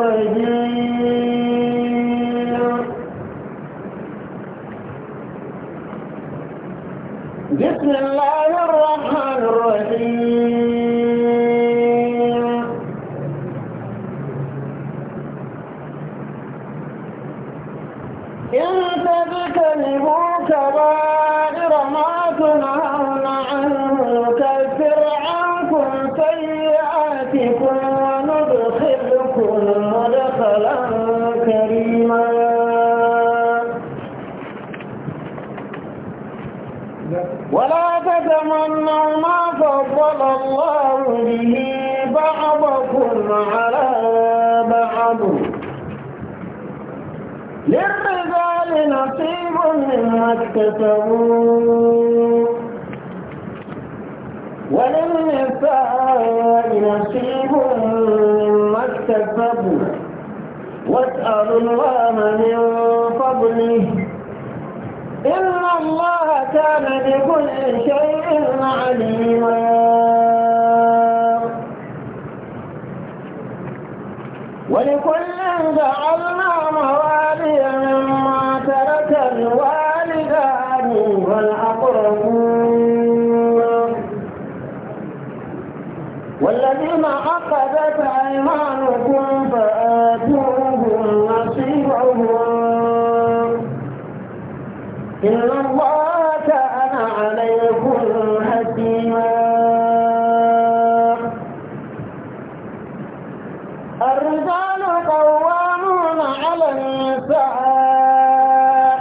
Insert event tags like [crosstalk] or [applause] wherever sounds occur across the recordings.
عليه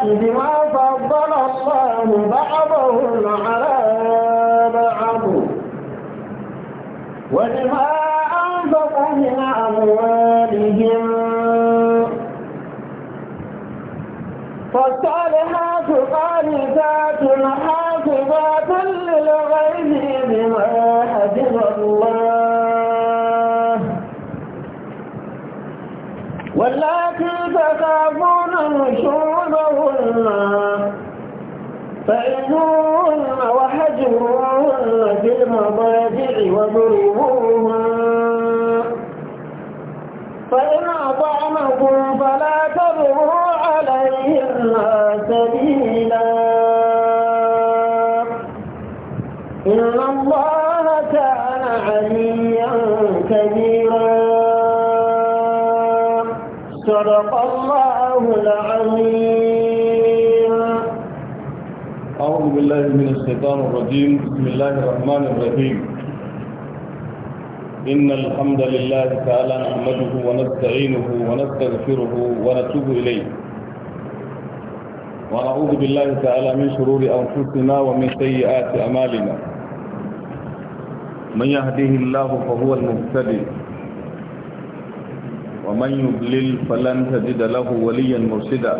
بما فضل الله بعضهم على بعض ولما أنفق من أموالهم فالصالحات قانتات حافظات للغيب بما حفظ الله واللاتي تخافون نشورا فإنهن فإنهن وحجرهن في المضاجع وضربوهن فإن أطعنكم بالله من الشيطان الرجيم بسم الله الرحمن الرحيم إن الحمد لله تعالى نحمده ونستعينه ونستغفره ونتوب إليه ونعوذ بالله تعالى من شرور أنفسنا ومن سيئات أمالنا من يهديه الله فهو المهتدي ومن يضلل فلن تجد له وليا مرشدا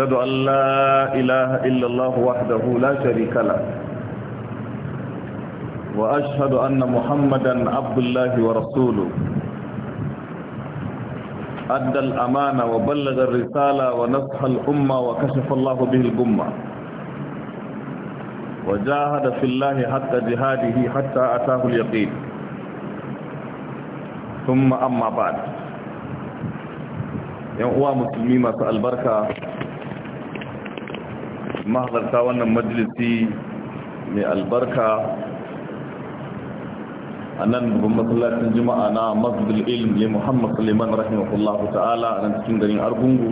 وأشهد أن لا إله إلا الله وحده لا شريك له وأشهد أن محمدا عبد الله ورسوله أدى الأمانة وبلغ الرسالة ونصح الأمة وكشف الله به الغمة وجاهد في الله حتى جهاده حتى أتاه اليقين ثم أما بعد يا اخوه مسلمين masu mahalarta wannan majalisi mai albarka a nan babban masallacin juma'a na masjidil ilm ne muhammad suleiman rahimahullahu ta'ala a nan cikin garin argungu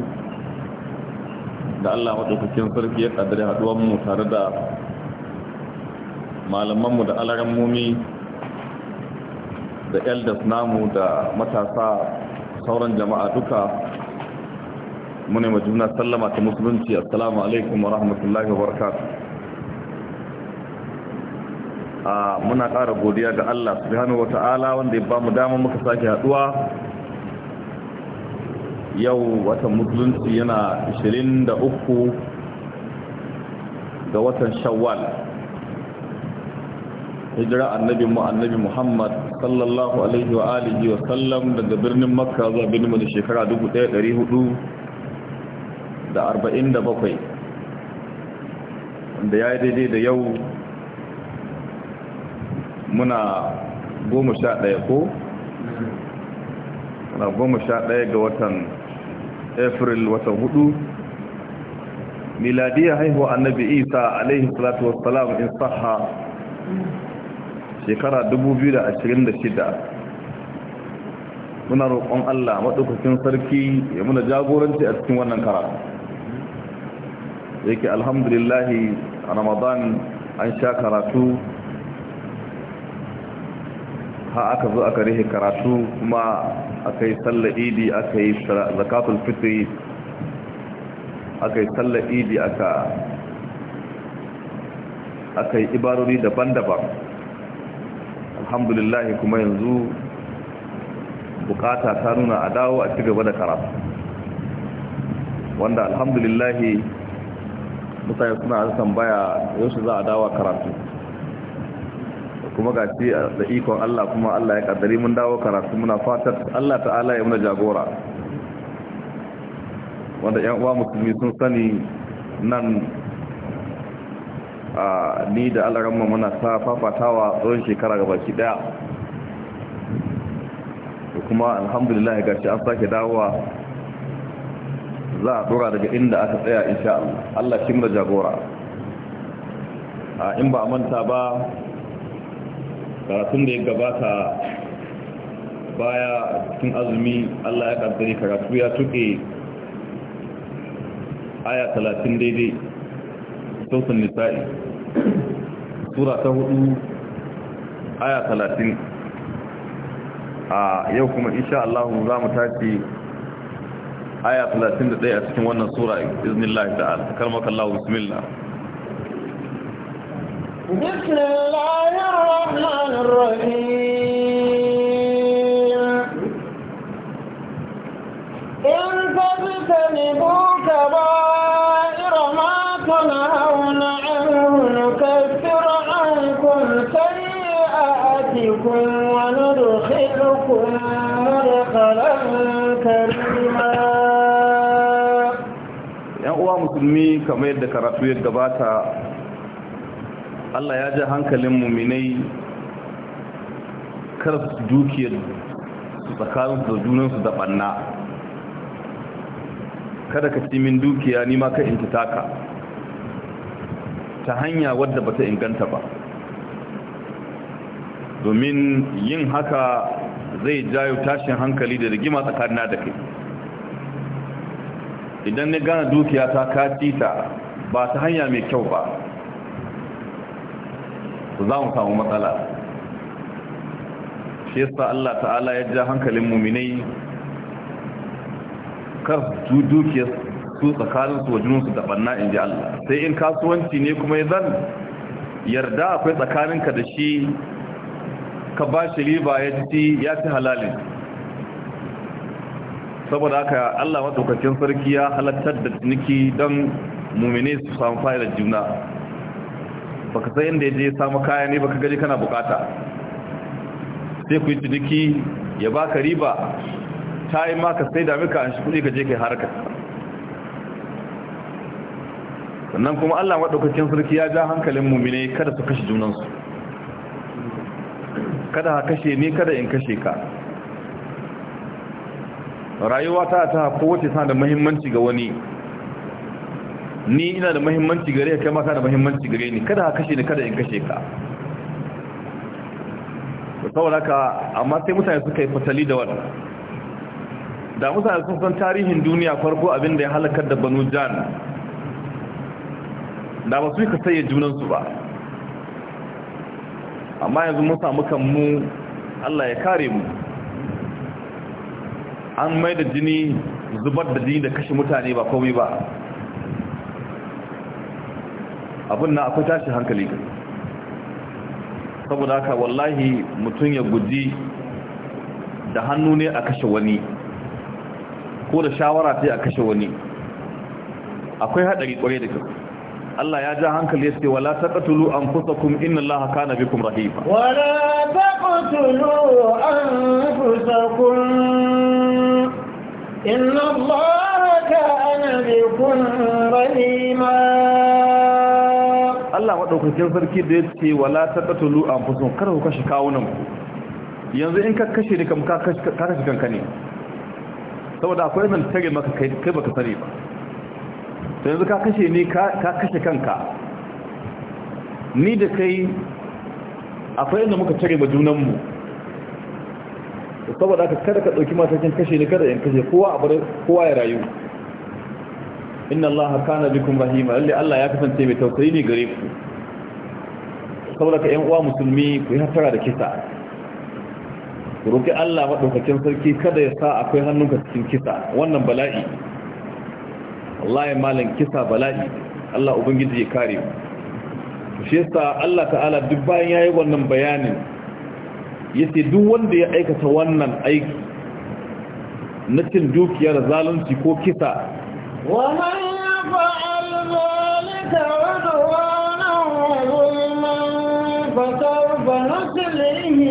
da allah maɗaukakin sarki ya ƙadari haɗuwanmu tare da malamanmu da mumi da elders namu da matasa sauran jama'a duka muna ma juna sallama ta musulunci assalamu alaikum wa rahmatullahi wa barakatuh a muna ƙara godiya ga Allah subhanahu wa ta'ala wanda ya ba mu dama muka sake haduwa yau watan musulunci yana 23 ga watan shawwal hijira annabi mu annabi Muhammad sallallahu alaihi wa alihi wa sallam daga birnin Makka zuwa birnin Madina shekara 1400 da arba'in da bakwai wanda ya yi daidai da yau muna goma sha ɗaya ko? muna goma sha ɗaya ga watan april watan hudu miladiyar haihuwa annabi isa alaihi salatu wassalam in saha shekara shida. muna roƙon Allah maɗaukacin sarki ya muna jagoranci a cikin wannan karatu yake alhamdulillahi a ramadan an sha karatu ha aka zo aka rihe karatu kuma aka yi sallar idi aka yi zakatul fitri aka yi sallar idi aka aka yi ibarori daban-daban alhamdulillahi kuma yanzu bukata ta nuna a dawo a cigaba da karatu wanda alhamdulillahi mutane suna tambaya yau za a dawa karatu kuma ga ce da ikon Allah kuma Allah ya kaddari mun dawo karatu muna fatar Allah ta'ala ya muna jagora wanda yan uwa musulmi sun sani nan a ni da Allah muna ta fafatawa tsawon shekara gaba baki daya kuma alhamdulillah ga shi an sake dawowa za a dora daga inda aka tsaya insha Allah Allah shi da jagora in ba a manta ba karatun da ya gabata baya cikin azumi Allah ya kaddare karatu ya tuke aya 30 daidai sautin nisa'i sura ta hudu aya 30 a yau kuma insha Allah za mu tashi aya 31 a cikin wannan sura iznillahi ta'ala karmaka Allah bismillah بسم الله الرحمن الرحيم إن تجتنبوا كبائر ما تنهون عنه نكفر عنكم سيئاتكم وندخلكم مدخلا kamar yadda karatu ya gabata Allah ya ji hankalin muminai kar su dukiyar su tsakaninsu da junansu da ɓanna kada ka min dukiya nima ka in taka ta hanya wadda bata inganta ba domin yin haka zai jayo tashin hankali da rigima tsakanina da kai idan na gane dukiya ta kaci ta ba ta hanya mai kyau ba za mu samu matsala shi yasa Allah ta'ala ya ja hankalin muminai kar su dukiya su tsakanin su wajen su tabanna in ji Allah sai in kasuwanci ne kuma ya zan yarda akwai tsakaninka da shi ka ba shi riba ya ci ya ci halalin saboda haka Allah madaukakin sarki ya halattar da niki don mumine su samu fa'idar juna baka san inda yaje ya samu kaya ne baka gari kana bukata sai ku yi ciniki ya baka riba ta yi maka sai da ka an shi kudi ka je kai harkar sannan kuma Allah madaukakin sarki ya ja hankalin mumine kada su kashe junansu kada ha kashe ni kada in kashe ka rayuwa ta ta kowace sana da muhimmanci ga wani ni ina da muhimmanci gare ka mata da muhimmanci gare ni kada ka kashe ni kada in kashe ka saboda ka amma sai mutane suka yi fatali da wannan da mutane sun san tarihin duniya farko abin da ya halakar da banu jan da ba su yi ka junan junansu ba amma yanzu mun samu kanmu Allah ya kare mu an mai da jini zubar da jini da kashe mutane ba komai ba abin na akwai tashi hankali saboda haka wallahi mutum ya guji da hannu ne a kashe wani ko da shawara ce a kashe wani akwai haɗari ƙware da kyau Allah ya ja hankali ya ce wala taqtulu anfusakum inna Allaha kana bikum rahifa wala taqtulu anfusakum إن الله كان بكم رحيما Allah maɗaukakin sarki da ya ce wala ta tattalo a fusun kar ku kashe kawunan yanzu in ka kashe ne kam ka kashe kanka ne saboda akwai zan tare maka kai baka sani ba to yanzu ka kashe ne ka kashe kanka ni da kai akwai inda muka tare ba junanmu to saboda haka kada ka dauki matakin kashe ne kada in kashe kowa a bar kowa ya rayu inna allaha kana bikum rahima lalle allah ya kasance mai tausayi ne gare ku saboda ka yan uwa musulmi ku yi hatara da kisa ku roki allah madaukakin sarki kada ya sa akwai hannunka cikin kisa wannan bala'i wallahi malam kisa bala'i allah ubangiji ya kare ku shi yasa allah ta'ala duk bayan yayi wannan bayanin yace duk wanda ya aikata wannan aiki na cin dukiya da zalunci ko kisa wa man yaf'al zalika udwana wa zulman fa sawfa nuslihi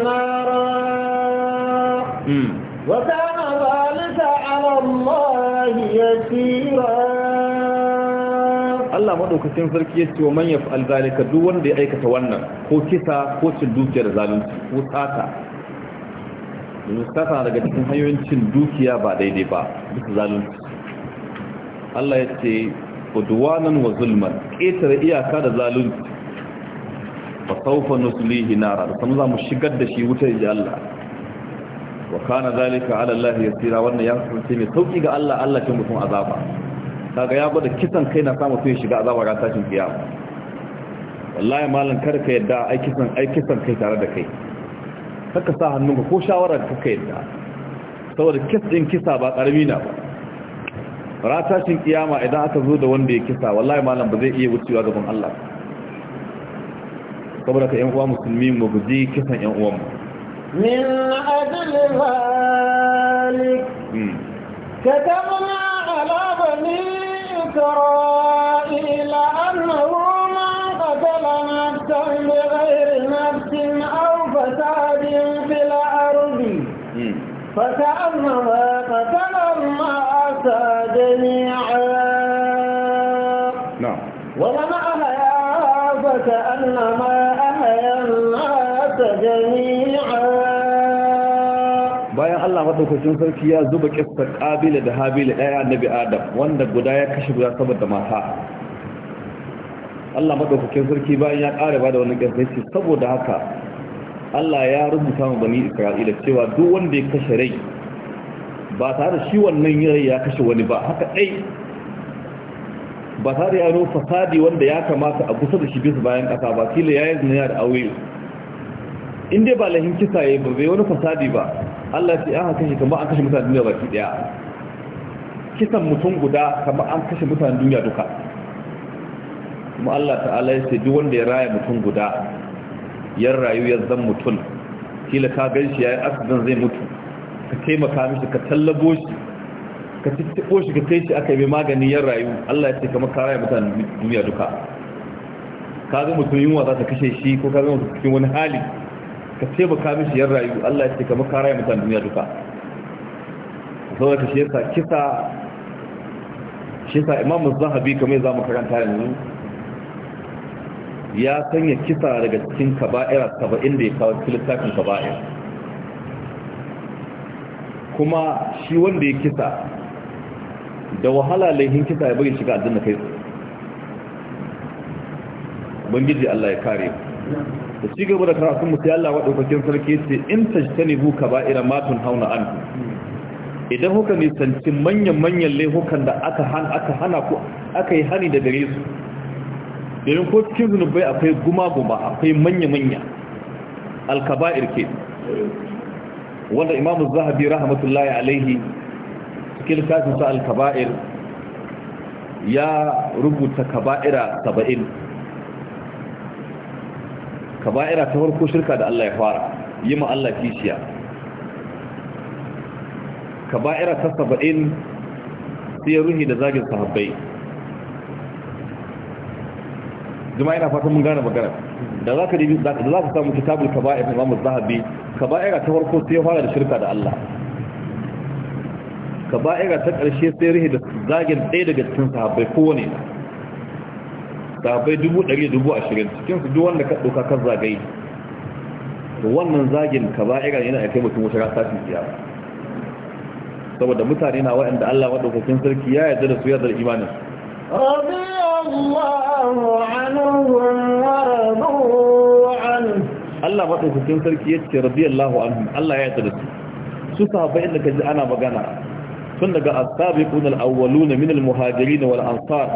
nara hmm. wa kana zalika ala Allah Allah madaukakin sarki ya ce wa man yaf'al duk wanda ya aikata wannan ko kisa ko cin dukiya da zalunci ko sata na daga cikin hanyoyin cin dukiya ba daidai ba duk zalunci Allah ya ce udwanan wa zulman ƙetare iyaka da zalunci fa sawfa nuslihi nara da za mu shigar da shi wutar ji Allah wa kana zalika ala Allah yasira wannan ya kasance mai sauki ga Allah Allah kin mutum azaba kaga ya gwada kisan kai na samu sai shiga azaba ga tashin kiyama wallahi malam kar ka yadda ai kisan ai kisan kai tare da kai kaka sa hannun hannunka ko shawara ka kai yadda saboda kis din kisa ba karami na ba ra tashin kiyama idan aka zo da wanda ya kisa wallahi malam ba zai iya wucewa gaban Allah saboda ka yan uwa musulmi mu guji kisan yan uwan mu min ajli zalik hmm. katabna ala bani إسرائيل أنه من قتل نفسا بغير نفس أو فساد في الأرض فكأنما maɗaukacin sarki ya zuba ƙistar ƙabila da habila ɗaya annabi adam wanda guda ya kashe guda saboda mata Allah maɗaukacin sarki bayan ya ƙare ba da wani ƙistar saboda haka Allah ya rubuta wa bani Isra'ila cewa duk wanda ya kashe rai ba tare da shi wannan rai ya kashe wani ba haka ɗai ba tare da yaro fasadi wanda ya kamata a kusa da shi bisa bayan ƙasa ba kila ya yi zinaya da aure in dai ba lahin kisa ya yi ba bai wani fasadi ba Allah ya sai an kashe kamar an kashe mutane duniya baki daya kisan mutum guda kamar an kashe mutane duniya duka kuma Allah ta'ala ya ce duk wanda ya raya mutum guda ya rayu ya zan mutum kila ka gan shi ya yi asidan zai mutu ka taimaka mishi ka tallabo shi ka tattabo shi ka kai shi aka yi magani ya rayu Allah ya ce kamar ka raya mutane duniya duka ka ga mutum yunwa za ta kashe shi ko ka ga mutum cikin wani hali ka ce ka mishi yan rayu Allah ya ce ka maka rayu mutane duniya duka zama ka shi yasa kisa shi yasa imamu zahabi kamar ya zama karanta yanzu ya sanya kisa daga cikin kaba'ira saba'in da ya kawo cikin littafin kaba'ir kuma shi wanda ya kisa da wahala laihin kisa ya bari shiga aljanna kai ubangiji Allah ya kare da ci gaba da karatun mutu Allah waɗaukakin sarki ce in ba ira matun hauna an idan kuka nisanci manyan-manyan laifukan da aka hana aka hana ku aka yi hani da gare su domin ko cikin zunubai akwai guma-guma akwai manya-manya alkaba'ir ke wanda imamu zahabi rahmatullahi alaihi cikin littafin sa alkaba'ir ya rubuta kaba'ira saba'in kaba'ira ta farko shirka da Allah ya fara yi ma Allah kishiya kaba'ira ta saba'in sai ya ruhi da zagin sahabbai jama'a ina fatan mun gane magana da za ka da za ka samu kitabul kaba'ir Imam Zahabi kaba'ira ta farko sai ya fara da shirka da Allah kaba'ira ta ƙarshe sai ya ruhi da zagin ɗaya daga cikin sahabbai kowane ne sabai dubu ɗari dubu ashirin cikinsu duk wanda ka ɗauka kan zagaye wannan zagin ka ba'ira yana da mutum wata rasa fi biya saboda mutane na waɗanda Allah maɗaukakin sarki ya yarda da su yarda da imanin Allah maɗaukakin sarki ya ce radiyallahu anhu Allah ya yarda da su su sahabbai inda ka ji ana magana tun daga asabiqun al-awwaluna min al-muhajirin wal ansar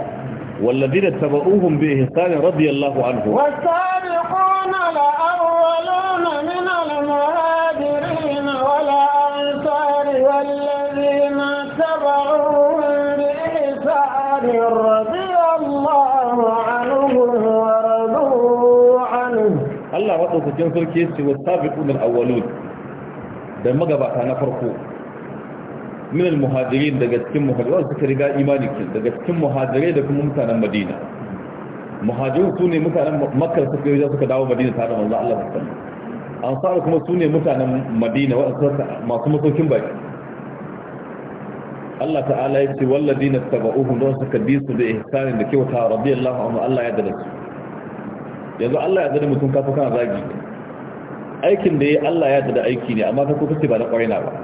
والذين اتبعوهم بإحسان رضي الله عنه والسابقون الأولون من المهاجرين والأنصار والذين اتبعوهم بإحسان رضي الله عنهم ورضوا عنه الله وقت الجنسل كيسي والسابقون الأولون ده مقبعة أنا min al-muhajirin daga cikin wanda suka riga imani ke daga cikin muhajirai da kuma mutanen madina muhajiru su ne mutanen da suka yi suka dawo madina tare da manzo Allah sallallahu alaihi wasallam ansar kuma sune mutanen madina waɗanda masu masaukin baki Allah ta'ala ya ce walladina tabauhum don suka bi su da ihsanin da kyauta radiyallahu anhu Allah ya yarda su yanzu Allah ya yarda mutum kafa kana zagi aikin da yayi Allah ya yarda aiki ne amma ka ko kace ba na kwarina ba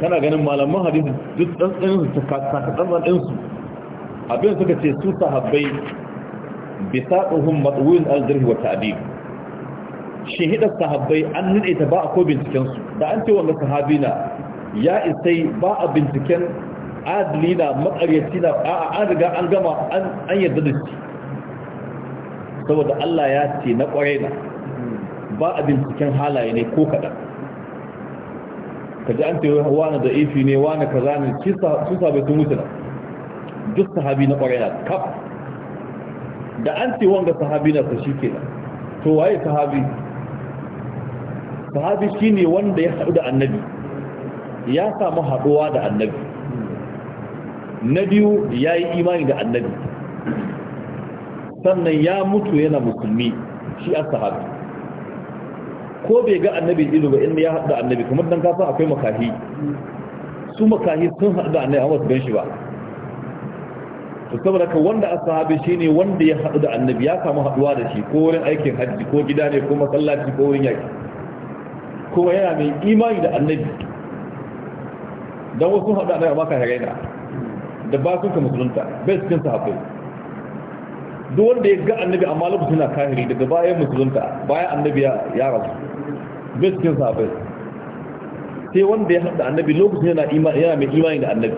kana ganin malaman hadisi duk tsantsanin su takatsantsan ɗinsu abin suka ce su sahabbai bisaɗuhun matsuwin aljirhi wa shi hidda sahabbai an nuna ta ba a ko bincikensu da an ce wanda sahabi na ya isai ba a binciken adali na makaryaci na a an riga an gama an yarda da shi saboda Allah ya ce na ƙwarai na ba a binciken halaye ne ko kaɗan ka ji an tewa wani da ifi ne wani kaza ne sun sabai sun mutuna duk sahabi na kwarai na kaf da an ce wanga sahabi na ta shi ke to waye sahabi sahabi shi ne wanda ya haɗu da annabi ya samu haɗuwa da annabi na biyu ya yi imani da annabi sannan ya mutu yana musulmi shi a sahabi ko bai ga annabi ido ba inda ya haɗu da annabi kamar dan kasa akwai makahi su makahi sun haɗu da annabi amma su gan shi ba to saboda ka wanda ashabi shine wanda ya haɗu da annabi ya samu haɗuwa da shi ko wurin aikin hajji ko gida ne ko masallaci ko wurin yaki kuma yana mai imani da annabi dan wasu haɗu da annabi amma ka haraina da ba su ka musulunta bai cikin sahabbai duk wanda ya ga annabi amma lokacin na kahiri daga bayan musulunta bayan annabi ya rasu bai cikin sai wanda ya haɗa annabi lokacin yana yana mai imani da annabi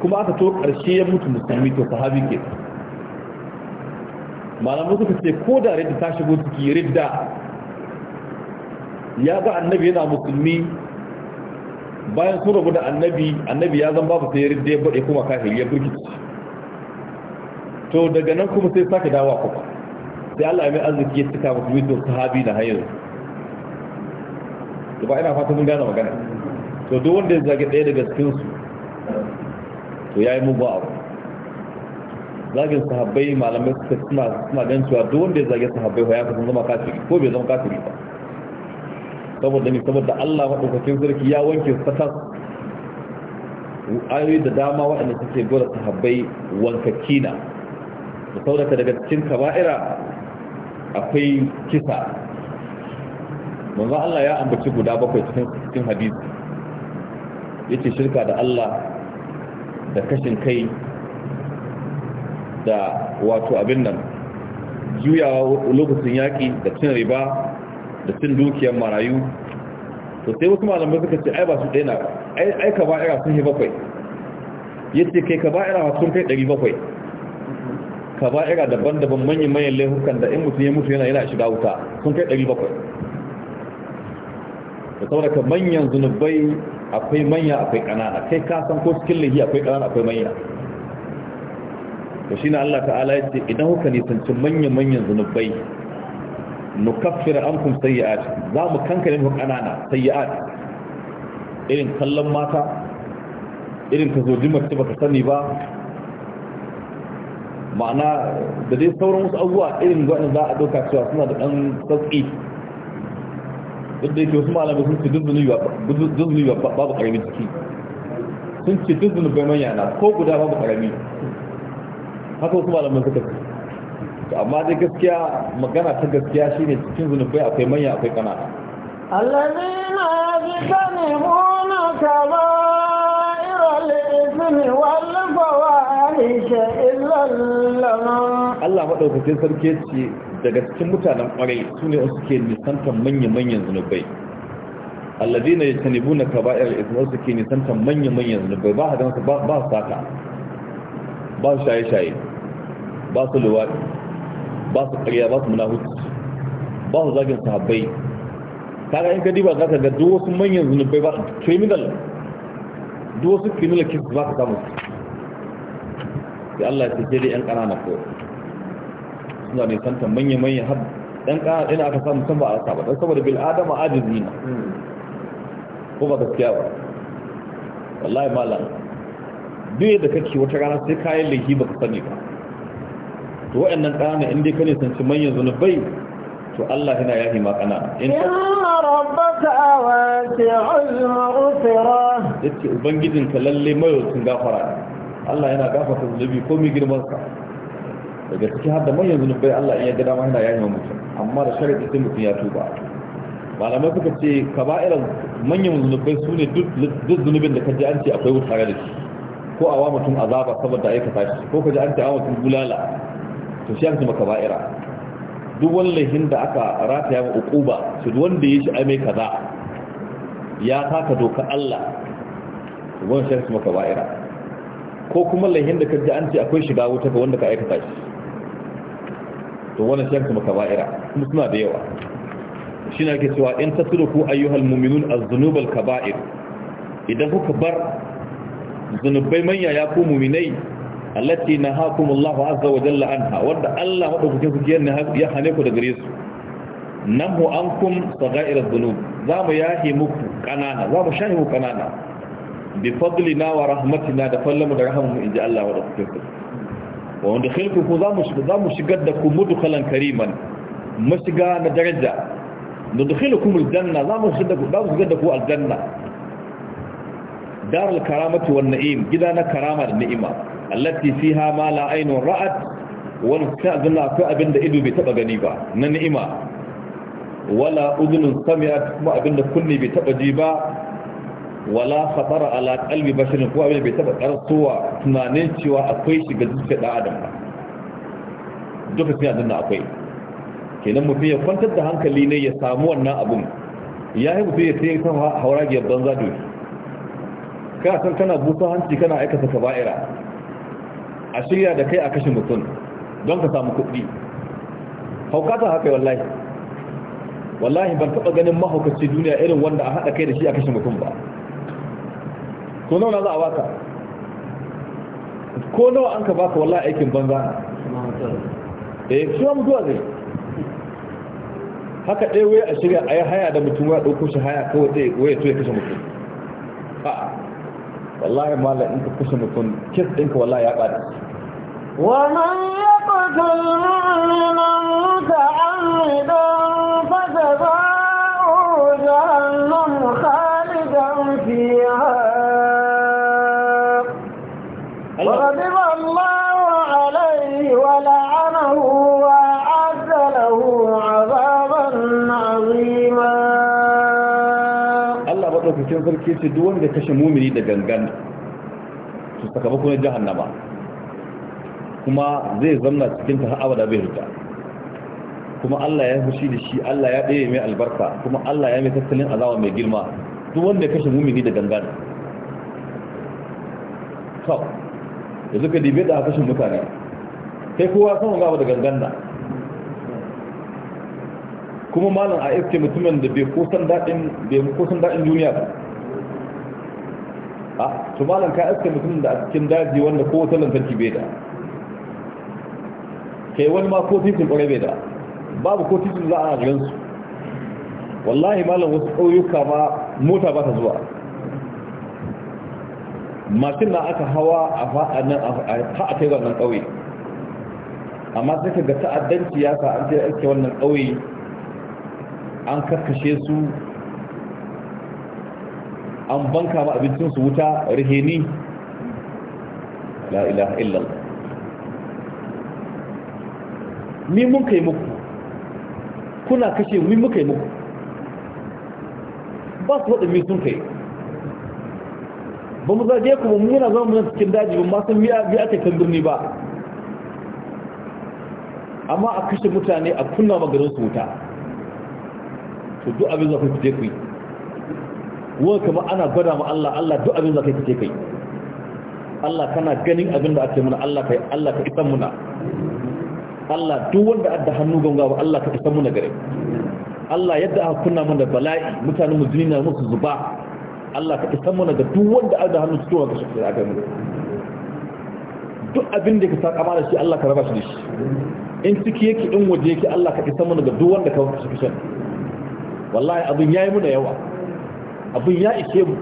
kuma aka to ƙarshe ya mutu musulmi to habi ke malamu suka ce ko da ridda ta shigo ciki ridda ya ga annabi yana musulmi bayan sun rabu da annabi annabi ya zan babu sai ridda ya baɗe kuma kafin ya burkici to daga nan kuma sai sake dawa kuma sai Allah ya mai arziki ya cika musulmi to habi na hanyar to ba ina fata mun gane magana to duk wanda ya zage ɗaya daga cikin su to yayi mugu abu zagin sahabbai malamai suka suna suna gan cewa duk wanda ya zage sahabbai ya kusan zama kafiri ko bai zama kafiri ba saboda ni saboda Allah madaukakin sarki ya wanke su ayoyi da dama waɗanda suke gora sahabbai wanka kina da saurata daga cikin kaba'ira akwai kisa manzo Allah ya ambaci guda bakwai cikin cikin hadisi yace shirka da Allah da kashin kai da wato abin nan juyawa lokacin yaki da cin riba da cin dukiyar marayu to sai wasu malamai suka ce ai ba su daina ai ai ira sun yi bakwai yace kai ka ba ira sun kai 700 ira daban-daban manyan manyan laifukan da in mutum ya mutu yana yana shiga wuta sun kai 700 da saboda manyan zunubai akwai manya akwai ƙanana kai ka san ko cikin lahi akwai ƙanana akwai manya to shine Allah ta'ala ya ce idan kuka nisanci manyan manyan zunubai nukaffir ankum sayyi'at za mu kankare muku ƙanana sayyi'at irin kallon mata irin ka zo jima ta baka sani ba ma'ana da dai sauran wasu abubuwa irin za a ɗauka cewa suna da ɗan sauƙi duk da yake wasu malamai sun ce duk zunubi babu karami ciki sun ce duk zunubai manya na ko guda babu karami haka wasu malamai suka ce to amma dai gaskiya magana ta gaskiya shine cikin bai akwai manya akwai kanana alladhina yajtanibuna kaba'ira al-ithmi wal fawahisha illa Allah madaukakin sarki ce daga cikin mutanen kwarai su ne wasu ke nisantar manya-manyan zunubai allazi na yake nebu na kaba'ir isma'ul wasu ke nisantar manya-manyan zunubai ba hadansu ba sata ba su shaye-shaye ba su luwaɗi ba su ƙarya ba su munahuci ba su zagin sahabbai kaga in ka ba za ka ga duk wasu manyan zunubai ba criminal duk wasu criminal kids ba ka samu Allah ya ce sai dai 'yan ƙananan ko suna ne santa manya-manya har ɗan ƙara ɗina aka samu san a a ba, don saboda bil adama ajizi na ko ba gaskiya ba wallahi malam duk yadda kake wata rana sai kayan laifi ba ka sani ba to waɗannan ƙana inda ka ne sanci manyan zunubai to Allah yana yahi ma ƙana. inna rabbaka wasi'ul maghfira yace ubangijinka lalle mai gafara Allah yana gafarta zunubi ko mai girman sa daga ciki har da manyan zunubai Allah in ya ga ya yi yayin mutum amma da shari'a sun mutum ya tuba malamai suka ce kaba'iran manyan zunubai su ne duk zunubin da ka ji an ce akwai wuta da shi ko awa mutum azaba saboda aikata shi ko ka ji an ce awa mutum bulala to shi an kuma kaba'ira duk wani laifin da aka rataya wa ukuba shi wanda ya shi ai mai kaza ya taka doka Allah wani shi kuma kaba'ira ko kuma laifin da ka ji an ce akwai shiga wuta ga wanda ka aikata shi to wannan shi kuma kaba'ira kuma suna da yawa shi na ke cewa in ta ku ayyuhal muminun az-zunubal kaba'ir idan kuka bar zunubai manya ya ku muminai allati nahakum Allah azza wa jalla anha wanda Allah madaukakin ku ya hane ku da gare su namhu ankum sagair az-zunub za mu yahi muku kanana za mu shahi muku kanana bi fadlina wa rahmatina da fallamu da rahmu inji Allah wa ku. wa wanda khilkuku za mu shigar da ku mudkhalan kariman mashiga na daraja nudkhilukum aljanna za mu shigar da ku aljanna dar karamatu wan na'im gida na karama da ni'ima allati fiha ma la aynun ra'at wani ta'zuna ko abinda ido bai taba gani ba na ni'ima wala udunun sami'at kuma abinda kunne bai taba ji ba wala khatara ala qalbi basharin ko abin bai taba karatuwa tunanin cewa akwai shi ga zuciyar da adam ba duka sai adan akwai kenan mutum ya kwantar da hankali ne ya samu wannan abun ya yi mutum ya sai kan haura giyar banza dole kana san kana busa hanci kana aikata kaba'ira a shirya da kai a kashe mutum don ka samu kuɗi haukata haka wallahi wallahi ban taɓa ganin mahaukaci duniya irin wanda a haɗa kai da shi a kashe mutum ba ko nawa za a baka ko nawa an ka baka wallahi aikin banza eh shi ma mutuwa ne haka ɗaya waya a shirya a yi haya da mutum ya ɗauko shi haya ko ɗaya waya to ya kashe mutum a'a wallahi mala in ka kashe mutum kes ka wallahi ya ɓata ومن يقتل مؤمنا متعمدا madaukakin ce duk wanda kashe mumini da gangan su sakamakon jahannama kuma zai zamna cikin ta har da bai huta kuma Allah ya fushi da shi Allah ya ɗaya mai albarka kuma Allah ya mai tattalin azawa mai girma duk wanda kashe mumini da gangan sau da suka dibe da kashe mutane kai kowa sama gaba da gangan na kuma malam a iske mutumin da bai kusan daɗin duniya ba a to malam ka aske mutum da a cikin daji wanda ko wata lantarki bai da kai wani ma ko titin kwarai bai da babu ko titin za a garin su wallahi malam wasu ƙauyuka ma mota ba ta zuwa mashin na aka hawa a fa'a kai wannan ƙauye amma sai ka ga ta'addanci ya ka an ce aske wannan ƙauye an karkashe su an banka ma abincinsu wuta riheni la ilaha illallah ni mun kai muku kuna kashe mun muka yi muku ba su mi sun kai ba mu zage ku ba mu yana zama mun cikin daji ba masu miya biya aka kan birni ba amma a kashe mutane a kunna magarin su wuta to duk abin zafi ku je ku yi wani kama ana gwada ma Allah Allah duk abin da kai kace kai Allah kana ganin abin da ake muna Allah kai Allah ka isan muna Allah duk wanda adda hannu gonga ba Allah ka isan muna gare Allah yadda aka kunna mun da bala'i mutanen musulmi na musu zuba Allah ka isan muna da duk wanda adda hannu su tuwa ga shi a aka muna duk abin da ka saka da shi Allah ka raba shi da shi in ciki yake in waje yake Allah ka isan muna da duk wanda ka shi wallahi abin yayi muna yawa abin ya ishe mu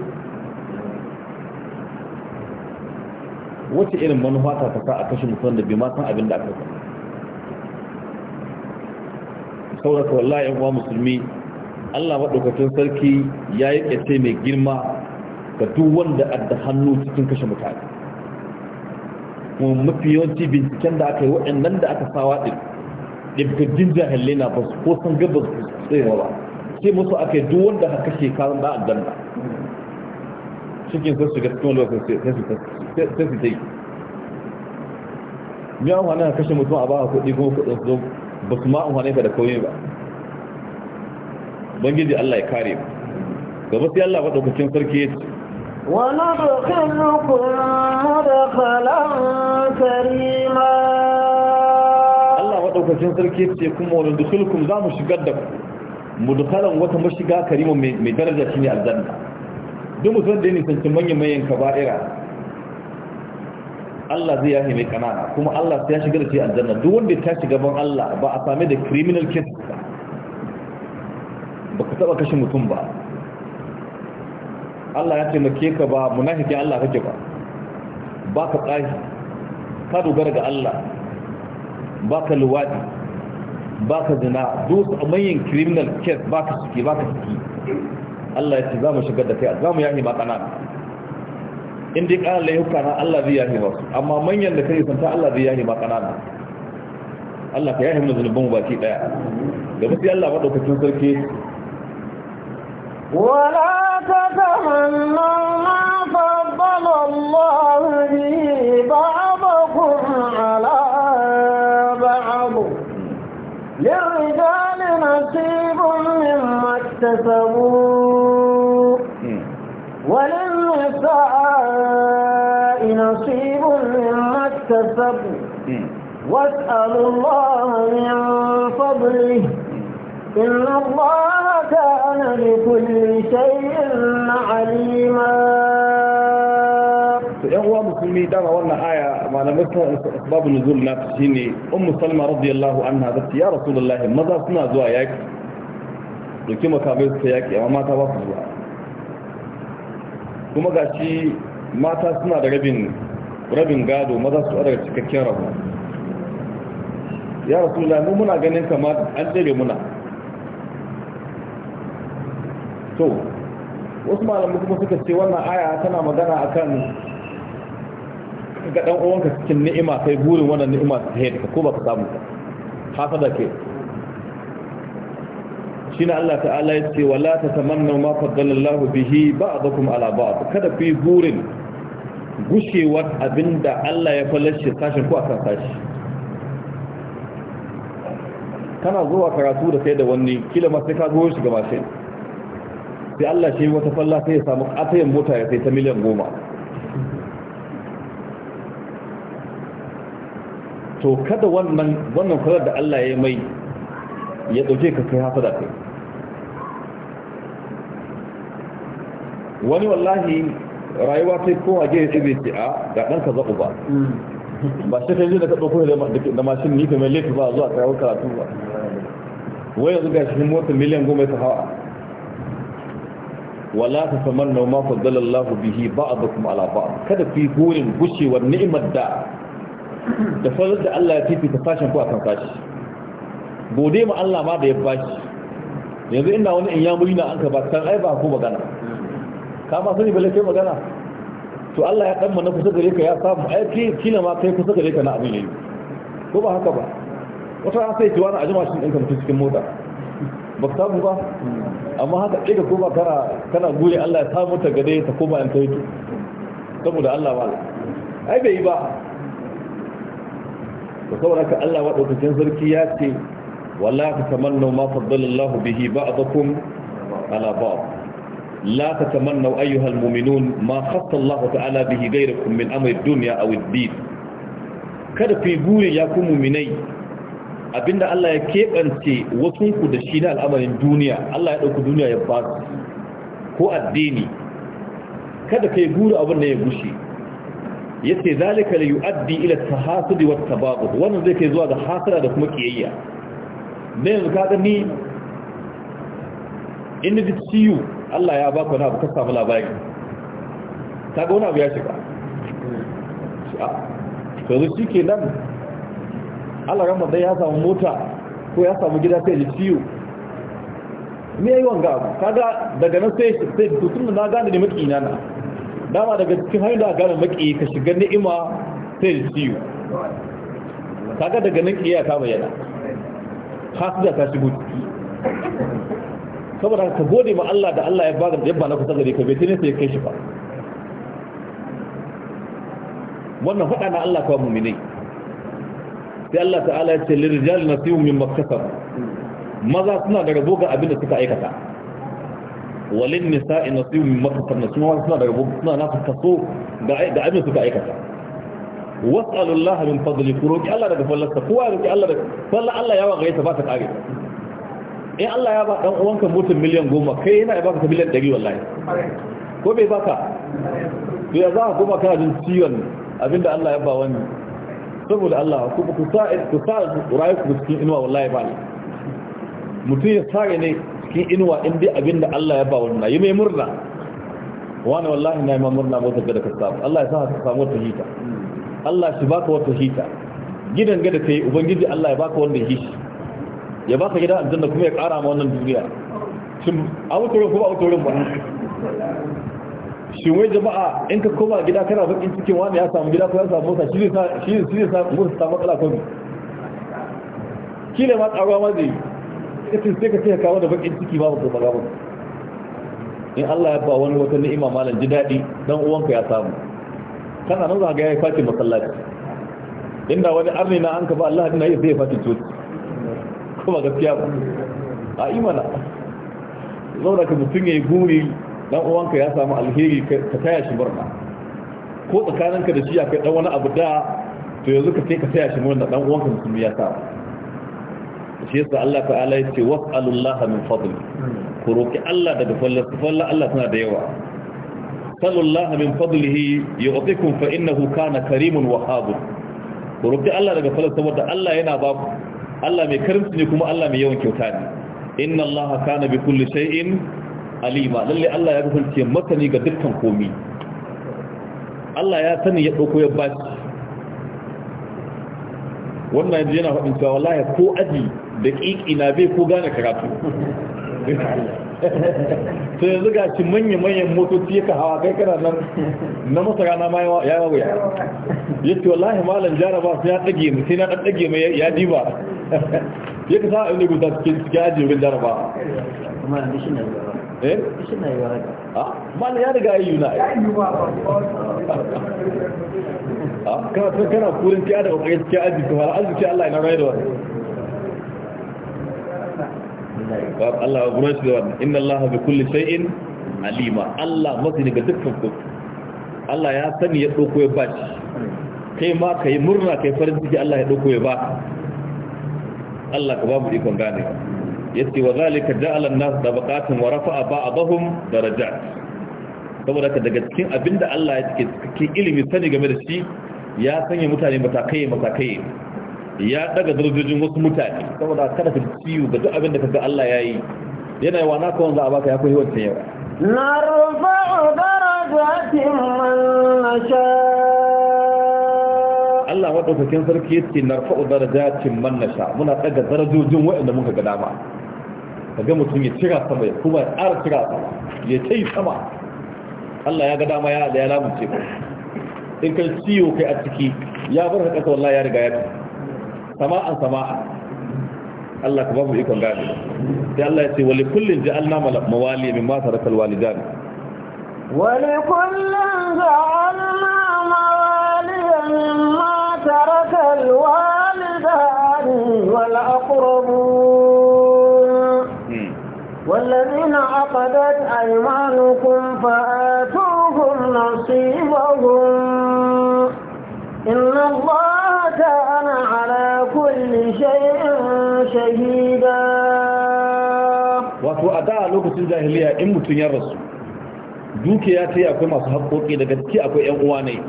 wace irin manufa ta kasa a kashe mutum da bai ma san abin da aka kasa sauraka wallahi yan uwa musulmi Allah maɗaukacin sarki ya yi ƙyace mai girma ga duk wanda adda hannu cikin kashe mutane kuma mafi yawanci binciken da aka yi waɗannan da aka sawa ɗin jin jahalle na ba su ko san gaba su tsira ba ce musu ake duk wanda haka shekarun ba a danda cikin sun shiga cikin lokacin sai su dai biya wani a kashe mutum a ba a kudi kuma kudin su ba su ma'amfani ba da kauye ba bangiji allah ya kare ba gaba sai allah wadda kukin sarki ya ce wani dukkan rukun da kalan ma? allah wadda kukin sarki ya ce kuma wani dukkan za mu shigar da ku mudkhalan wata mashiga karima mai daraja shine aljanna duk mutum da ya nisanci manyan manyan kaba'ira Allah zai yahi mai kanana kuma Allah ya shiga da shi aljanna duk wanda ta shiga ban Allah ba a same da criminal case ba baka taba kashe mutum ba Allah ya taimake ka ba munafiki Allah kake ba baka tsahi ka dogara ga Allah baka luwadi Ba ka zina duk manyan criminal case baka suke ka suke Allah ya ce za mu shigar da kai za mu yahi ma kanana in dai kana laifuka na Allah zai yahi wasu amma manyan da kai santa Allah zai yahi ma kanana Allah ka yahi mu zulubin baki daya da mutum Allah madaukakin sarki ta تتمنوا ما فضل الله به اكتسبوا وللنساء نصيب مما اكتسبوا واسألوا الله من فضله إن الله كان بكل شيء عليما yan uwa musulmi dama wannan aya malamai babu nuzul na shine ummu salma radiyallahu anha zata ya rasulullahi maza suna zuwa yaki doki makamai su ta yaƙi amma mata ba su zuwa kuma ga shi mata suna da rabin gado maza su a daga cikakken rabu ya rasu lamu muna ganin kama an ɗebe muna to wasu malamu kuma suka ce wannan aya tana magana akan ga ɗan'uwanka uwanka cikin ni'ima sai burin wannan ni'ima ta haida ko ba ka samu da ke shine Allah ta'ala ya ce wala tatamannu ma faddala Allah bihi ba'dakum ala ba'd kada ku yi burin gushewar abinda Allah ya falashe sashin ku akan sashi kana zuwa karatu da kai da wani kila ma sai ka zo shi ga mashin sai Allah shi wata falla sai ya samu atayin mota ya sai ta miliyan goma to kada wannan wannan kwarar da Allah ya mai ya dauke ka kai hafa da kai wani wallahi rayuwa sai kowa gaya ce bai ce a ga ɗanka zaɓu ba ba shi ta yi da ka ɗauko da mashin ni kamar laifi ba zuwa kawo karatu ba wai yanzu ga shi mota miliyan goma ta hawa wala ta samar na ma faddalallahu bihi ba a kuma ala ba kada ku yi burin gushewar ni'imar da da farar da Allah ya fifita fashin ko a kan sashi gode ma Allah ma da ya bashi yanzu ina wani in ya murina an ka ba san ai ba ku magana ka ba sani balle kai magana to Allah ya dan mana kusa gare ka ya samu aiki kai kila ma kai kusa gare ka na abin yayi ko ba haka ba wata an sai tuwa na ajima shi ɗinka mutum cikin mota ba ka samu ba amma haka ɗiga ko ba kana kana gure Allah ya samu ta gare ta koma yan kai saboda Allah ba ai bai yi ba to saboda ka Allah wa daukakin sarki ya ce wala ka tamannu ma faddala Allah bihi ba'dakum ala ba'd لا تتمنوا أيها المؤمنون ما خط الله تعالى به غيركم من أمر الدنيا أو الدين kada ku guri ya ku muminai abinda Allah ya keɓance wasunku da shi na al'amarin duniya Allah ya ɗauki duniya ya ba ko addini kada ka yi guri abin da ya gushi ya ce zalika da yu'addi ila ta da wa babu, wannan zai kai zuwa da hasara da kuma ƙiyayya. na yanzu ka ni inda da ciwo Allah ya ba ku abu ka samu labari ta ga wani abu ya shiga to su shi ke nan Allah ramar dai ya samu mota ko ya samu gida sai ciwo me yi wanga abu kaga daga nan sai sai tutun da na gane da maki na na dama daga cikin hanyar da gane maki ka shiga ni'ima sai ciwo kaga daga nan kiyaya ta bayyana hasida ta shigo saboda ka gode ma Allah da Allah ya ba da yabba na kusa gare ka bai tare sai kai shi ba wannan hada na Allah kawai mu'minai sai Allah ta'ala ya ce lirijal nasibu mimma kasab maza suna da rabo ga abin da suka aikata walin nisa'i nasibu mimma kasab suna suna da rabo suna nasu kaso ga abin suka aikata wasu was'alullaha min fadli ku roki Allah daga fallarsa kowa roki Allah daga fallar Allah yawa gare ta ba ta kare in Allah ya ba dan uwanka mutum miliyan goma kai yana ya baka ta miliyan ɗari wallahi ko bai baka to ya za ka goma kana jin ciwon abinda Allah ya ba wani saboda Allah ku ku sa ku sa rayu ku cikin inuwa wallahi ba ne mutum ya sare ne cikin inuwa in dai abinda Allah ya ba wani na yi mai murna wani wallahi na yi murna motsa gada ka samu Allah ya sa ka samu wata hita Allah shi baka wata hita gidan gada yi ubangiji Allah ya baka wanda ya hishi ya ba ka gida gidan aljanna kuma ya kara ma wannan duniya shin autorin kuma autorin ba shin wai jama'a in ka koma gida kana bakin cikin wani ya samu gida ko ya samu mota shi ne sa mota ta matsala ko shi ne ma karuwa ma zai yi sai ka sai ka kawo da bakin ciki ba ba baga ba in Allah ya ba wani wata ni'ima malam ji daɗi dan uwanka ya samu kana nan za ga ya yi fatin masallaci inda wani arni na an ka ba Allah ya yi zai fatin coci kuma gaskiya ba a imana zauna ka mutum ya yi guri dan uwanka ya samu alheri ka taya shi murna ko tsakaninka da shi ya kai dan wani abu da to yanzu ka sai ka taya shi murna dan uwanka musulmi ya samu shi yasa Allah ta'ala ya ce was'alullaha min fadli ku roki Allah daga fallarsa fallar Allah tana da yawa sallallahu min fadlihi yu'tikum fa innahu kana karimun wahhab ku roki Allah daga fallarsa saboda Allah yana ba ku Allah mai karimci ne kuma Allah mai yawan kyauta ne inna Allah kana bi kulli shay'in alima lalle Allah ya kasance makani ga dukkan komi Allah ya sani ya dauko ya bashi wannan yana faɗin cewa wallahi ko aji da kiki na bai ko gane karatu sai yanzu ga shi manya-manyan motoci ya hawa kai kana nan na masa rana ma ya yi ya ya ce wallahi malam jaraba sai ya ɗage mu sai na ɗan ɗage mai ya diba ya ka sa inda guda cikin cikin ajiye wurin jaraba eh ah, malam ya riga yi yuna ah, kana kana kurin fiye da ƙwaƙwaƙe cikin ajiye kamar arziki allah ya na wani. ba Allah ba ruwan da wannan inna Allah bi kulli shay'in alima Allah ga dukkan ku Allah ya sani ya dauko ya ba shi kai ma kai murna kai farin ciki Allah ya dauko ya ba Allah ka babu ikon gane yace wa zalika ja'ala an-nas tabaqatan wa rafa'a ba'dahum darajat saboda ka daga cikin abinda Allah ya cike cikin ilimi sani game da shi ya sanya mutane matakai matakai ya daga darajojin wasu mutane saboda kada ka ciwo ga duk abin da kaga Allah ya yi yana wa na kawon za a baka ya yi wata yawa na rufa'u darajatin man nasha Allah madaukakin sarki ce na rufa'u darajatin man nasha muna daga darajojin waɗanda muka ga dama kaga mutum ya cira sama ya kuma ya cira sama ya tai sama Allah ya ga dama ya da ya lamunce in kai ciwo kai a ciki ya bar ka kasa wallahi ya riga ya tafi سماء سماء الله كبار يكون غادي يا الله يسي ولكل جعلنا موالي مما ترك الوالدان ولكل جعلنا موالي مما ترك الوالدان والأقربون والذين عقدت أيمانكم فآتوهم نصيبهم lokacin jahiliya in mutum ya rasu dukiya ta yi akwai masu haƙoƙi daga ciki akwai 'yan uwa ne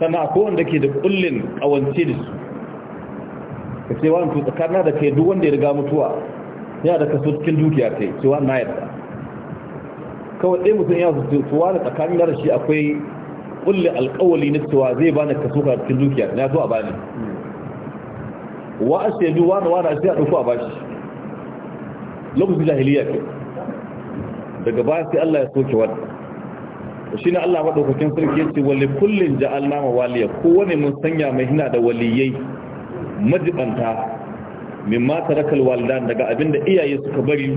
sannan akwai wanda ke da kullin ƙawance da su ka ce wani tsakanin da kai duk wanda ya riga mutuwa yana da kaso cikin dukiya ta yi cewa na yadda kawai ɗaya mutum ya zuci tuwa da tsakanin da shi akwai kullin alƙawali na cewa zai ba ni kaso cikin dukiya na zo a bani wa a shaidu wani wani a shi a ɗauko a bashi lokacin jahiliya kai daga baya sai Allah ya soke wannan shi ne Allah maɗaukakin sarki kullum ja kullin ja'alna Ko kowane mun sanya mai hina da waliyai majibanta mata rakal walidan daga abinda iyaye suka bari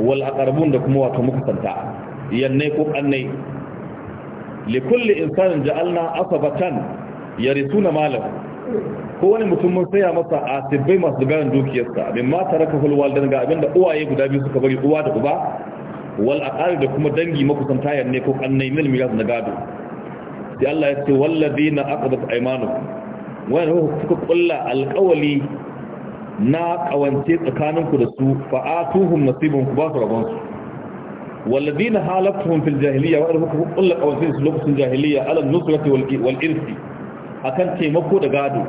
wal aqrabun da kuma wato mukasanta yanne ko kannai li kulli insanin ja'alna asabatan na malam kowane mutum mun saya masa asibai masu ganin dukiyarsa mimma taraka hul walidan daga abinda uwaye guda biyu suka bari uwa da uba wal aqari da kuma dangi makusanta ne ko kannai mil miyaz na gado sai Allah ya ce walladina aqadat aymanukum wannan suka kulla alqawli na kawance tsakaninku da su atuhum nasibun ku ba su rabon su walladina halaftuhum fil jahiliya wa'ar kuka kulla kawance su lokacin jahiliya ala nusrati wal irsi akan taimako da gado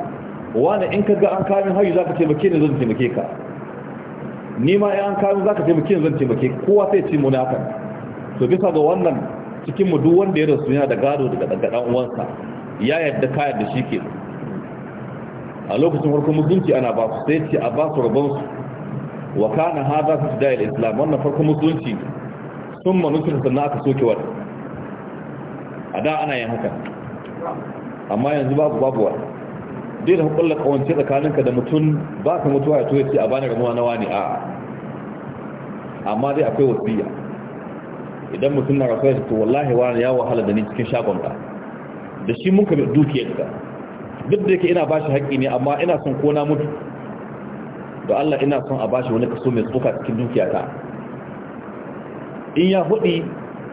wani in ka ga an kamin hayu zaka taimake ni zan taimake ka ni ma ya an kawo za ka taimake zan taimake kowa sai ci muna kan to bisa ga wannan cikin mu duk wanda ya rasu yana da gado daga daga uwansa ya yadda ka yadda shi ke a lokacin farkon musulunci ana ba su sai ce a ba su rabon su wa kana hada fi da'il islam wannan farkon musulunci sun manutar sannan aka soke wata a da ana yin haka amma yanzu babu babu wata dai da hukulla kawance tsakaninka da mutum ba ka mutuwa ya toye ce a bane ramuwa na wani a amma dai akwai wasiya idan mutum na rasuwa ya to wallahi wani ya wahala da ni cikin shagonka da shi muka bi dukiyarka duk da yake ina ba shi haƙƙi ne amma ina son ko na mutu da Allah ina son a ba shi wani kaso mai tsoka cikin dukiyata in ya hudi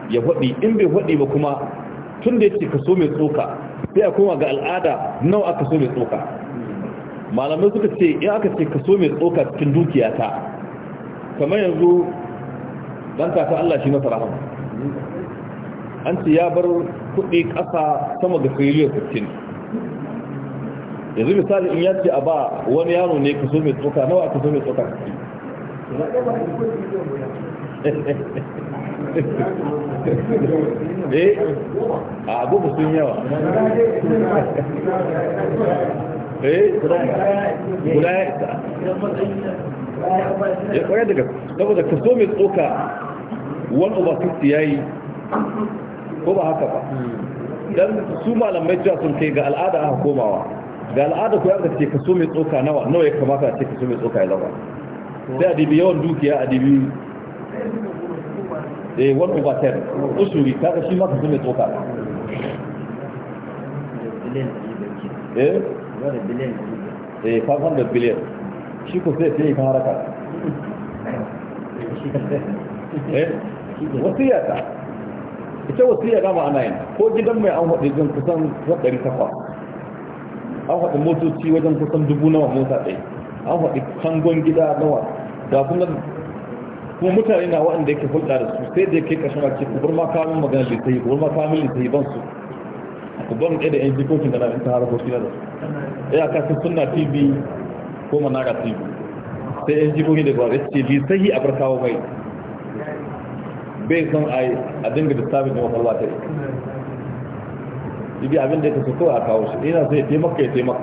ya hudi in bai hudi ba kuma tun da ya ce kaso mai tsoka sai a koma ga al'ada nawa aka so mai tsoka malamai suka ce in aka ce kaso mai tsoka cikin dukiya ta kamar yanzu dan kasa Allah shi nasara rahama an ce ya bar kuɗi ƙasa sama ga trillion 15 yanzu misali in yace a ba wani yaro ne kaso mai tsoka nawa kaso mai tsoka cikin [laughs] [laughs] eh a abubu sun yawa eh guda ya ya kwaya eh, daga saboda kaso mai tsoka one over 50 ya yi ko ba haka ba don su malamai cewa sun kai ga al'ada aka komawa ga al'ada ko yadda ce kaso mai tsoka nawa nawa ya kamata a ce kaso mai tsoka ya zama sai a dibi yawan dukiya a dibi eh one over ten usuri kaga shi ma ka zume tsoka eh eh 500 billion shi ko sai sai ka haraka eh wasiya ita wasu dama ma'ana yin ko gidan mai an haɗe jin kusan ɗari an haɗe motoci wajen kusan dubu nawa mota ɗaya an haɗe kangon gida nawa da kuma kuma mutane na waɗanda yake hulɗa da su sai da yake ƙashin ake kubar ma kamun magana da littafi kubar ma kamun littafi ban su ku ban ɗaya da yan jikokin da na ta harafo shi na da ya kasu suna tv ko managa tv sai yan jikokin da ba ce yi a barkawo mai bai san a dinga littafin da makwalwa ta yi ibi abin da ya kasu kawai a kawo shi ina sai ya taimaka ya taimaka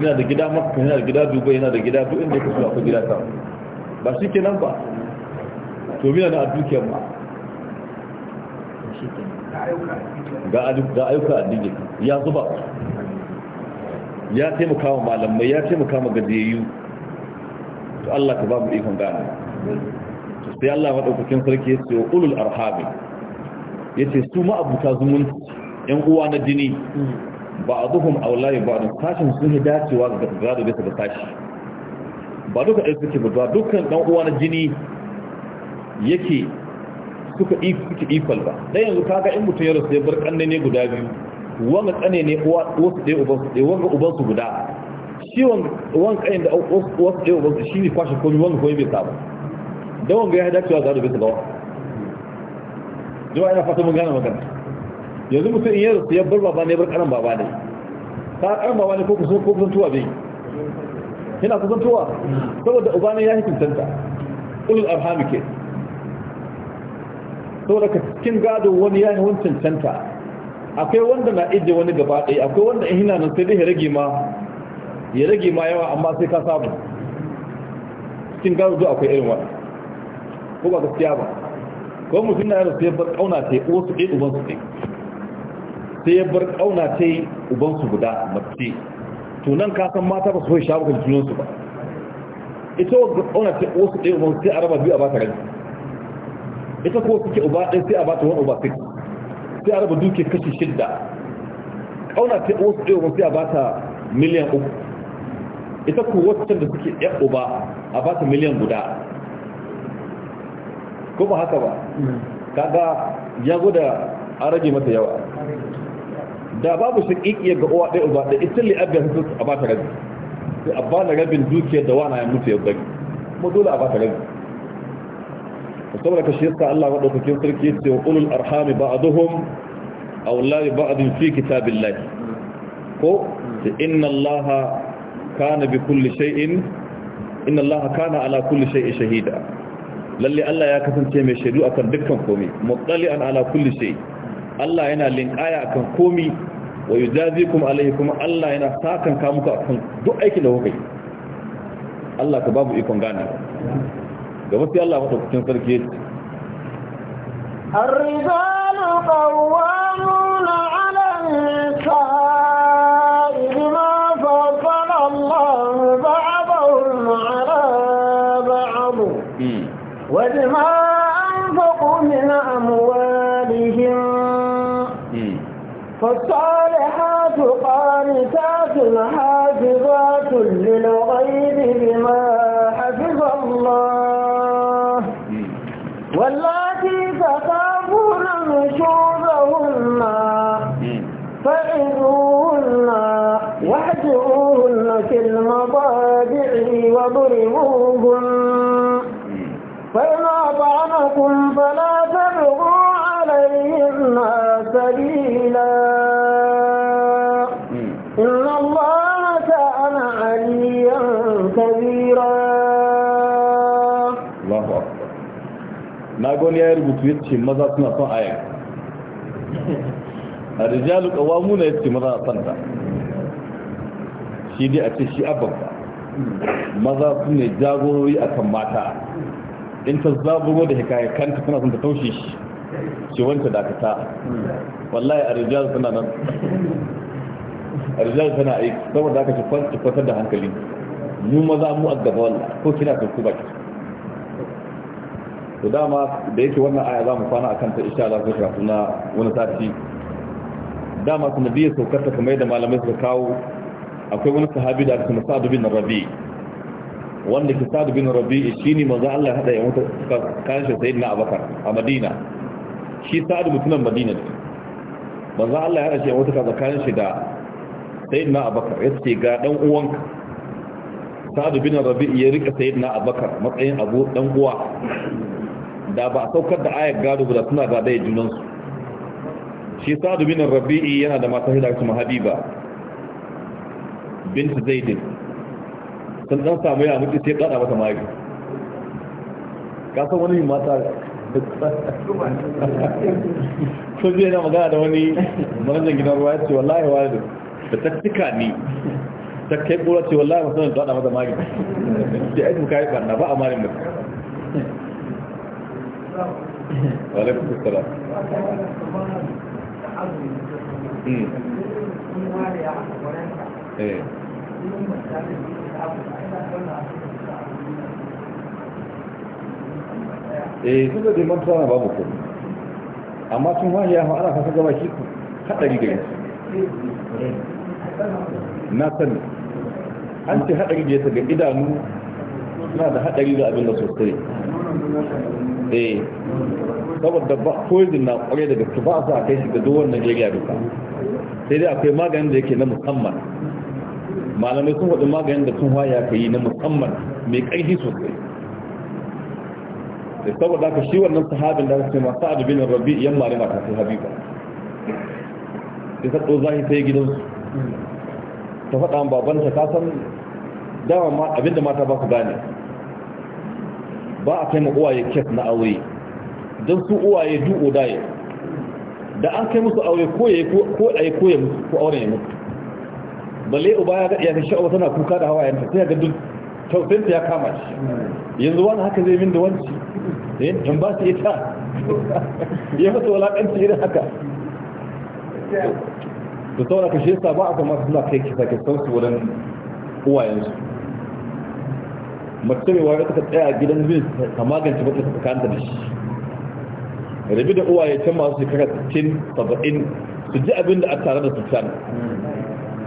yana da gida makka yana da gida dubai yana da gida duk inda ya kasu a gida ta ba shi kenan ba to mina na dukiyar ma ga ayyuka a dingin ya zuba ya taimaka wa malamai ya taimaka ma gajiyayyu to Allah ka ba mu ikon gane sai Allah maɗaukakin sarki ya ce wa ulul arhabi ya ce su ma'abuta zumunci ‘yan uwa na jini ba a zuhun aulaye ba da tashin sun yi dacewa ga gado bisa da tashi ba duka ɗaya suke ba dukkan ɗan uwa na jini yake suka suke ikon ba dan yanzu kaga in mutum ya rasu ya bar kanne ne guda biyu wanga kane ne uwa wasu ɗaya uban su ɗaya wanga uban su guda shi wanga kane da wasu ɗaya uban su shi ne kwashe komi wanga komi bai samu dan wanga ya dacewa za a dubi ga wasu jama'a ina fata mun gane magana yanzu mutum in ya rasu ya bar baba ne bar kanan baba ne ta kanan baba ne ko kusan ko kusan tuwa bai yana kusan tuwa saboda uba ne ya hikimtanta ulul Alhamike. saboda ka cikin gado wani ya yi wancan canta akwai wanda na ije wani gaba ɗaya akwai wanda in hina nan sai dai ya rage ma ya rage ma yawa amma sai ka samu cikin gado zuwa akwai irin wani ko ba gaskiya ba ko mutum na yana sai ya bar kauna ta yi wasu ɗaya uban su ɗaya sai ya bar kauna ta yi uban su guda mace to nan ka san mata ba su hoyi shafukan junansu ba ita wa ƙauna ta yi wasu ɗaya ubansu su sai a raba biyu a ba ta rai ita ko kuke uba ɗin sai a ba ta wani uba six sai a raba duke kashi shidda ƙauna ta wasu ɗaya sai a ta miliyan uku ita wasu can da suke ɗan uba a ba ta miliyan guda ko ba haka ba kaga ya gwada a rage mata yawa da babu ƙiƙiyar ga uwa ɗaya uba da ita abin sun a ba ta rabi sai a ba bana rabin dukiyar da wana ya mutu ya bari kuma dole a ba ta rabi saboda ka shirka Allah maɗaukakin sarki ya ce wa ulul arhami ba'aduhum awlai ba'adin fi kitabillah ko inna Allah kana bi kulli shay'in inna Allah kana ala kulli shay'in shahida lalle Allah ya kasance mai shaidu akan dukkan komai muttali'an ala kulli shay Allah yana linkaya akan komai wa yujazikum alayhi kuma Allah yana sakan ka muku akan duk aikin da kuka yi Allah ka babu ikon gane gaba sai Allah madaukakin sarki yace الرجال قوامون على النساء بما فضل الله بعضهم على بعض وبما أنفقوا من أموالهم فالصالحات قانتات حافظات للغيب بما بأصابعه وَضُرِبُوهُمْ فإن أطعنكم فلا تبغوا عليهن سبيلا إن الله كان عليا كبيرا الله أكبر ما قول يا رب تويتش ماذا تنطع آية الرجال قوامون يتش ماذا تنطع shi dai a ce shi ababba maza su ne jagorori a kan mata in ta zaburo da hikaye kanta suna sun ta taushe shi shi wanta dakata wallahi a rijal tana nan a rijal tana aiki saboda aka shi kwantar da hankali mu maza mu a gaba wallah ko kina kan kuma ki to dama da yake wannan aya za mu kwana a kanta isha za zai karatu na wani sati dama su biye saukar ta kamar yadda malamai suka kawo akwai wani sahabi da aka sa'ad bin rabi wanda ke sa'ad bin rabi shi ne manzo Allah hada ya mutu kanshi sayyidina Abakar, a Madina shi sa'ad mutumin Madina ne manzo Allah ya hada shi ya mutu tsakanin shi da sayyidina ya ce ga dan uwanka Sa'adu bin rabi ya rika sayyidina Abakar, matsayin abu dan uwa da ba a saukar da ayar gado da suna gadaya junansu shi sa'ad bin rabi'i yana da mata hidar kuma habiba binta zaidin sun dan samu ya mutu sai kada mata Ka kasan wani mata [laughs] sun je na magana da wani manajan gidan ruwa ya ce wallahi wa da taktika ne ta kai kura ce wallahi masu da tsada mata mari da [laughs] aikin kayi barna ba a marin da walaikun eh duk da dai mantuwa na babu kuma amma sun wani yawon ana fasa gaba shi haɗari gari na sani an ce haɗari da ya taga idanu na da haɗari da abin da sosai eh saboda ba poison na ƙware daga su ba su a kai shi ga duwan najeriya duka sai dai akwai maganin da yake na musamman malamai sun waɗin maganin da sun haya ka yi na musamman mai ƙaihi sosai da saboda ka shi wannan sahabin da aka masu adubin rabi yan mare mata sai habiba da ta ɗo zahi sai gidansu ta faɗa babanta ta san dama abinda mata ba su gane ba a kai ma uwaye kes na aure don su uwaye duk odaye. da an kai musu aure ko ya a yi ko ya musu ko auren ya musu balle uba ya ga iyalin sha'awa tana kuka da hawayen ta sai ga duk tausayin ya kama shi yanzu wani haka zai min da wanci eh in ba su ita ya mata walakanci irin haka da saboda ka shi yasa ba a kamata suna kai kisa kisan su wurin uwayensu mace mai wani suka tsaya a gidan zai ta magance bakin tsakanta da shi rabi da uwaye can masu shekara 60 70 su ji abin da a tare da su can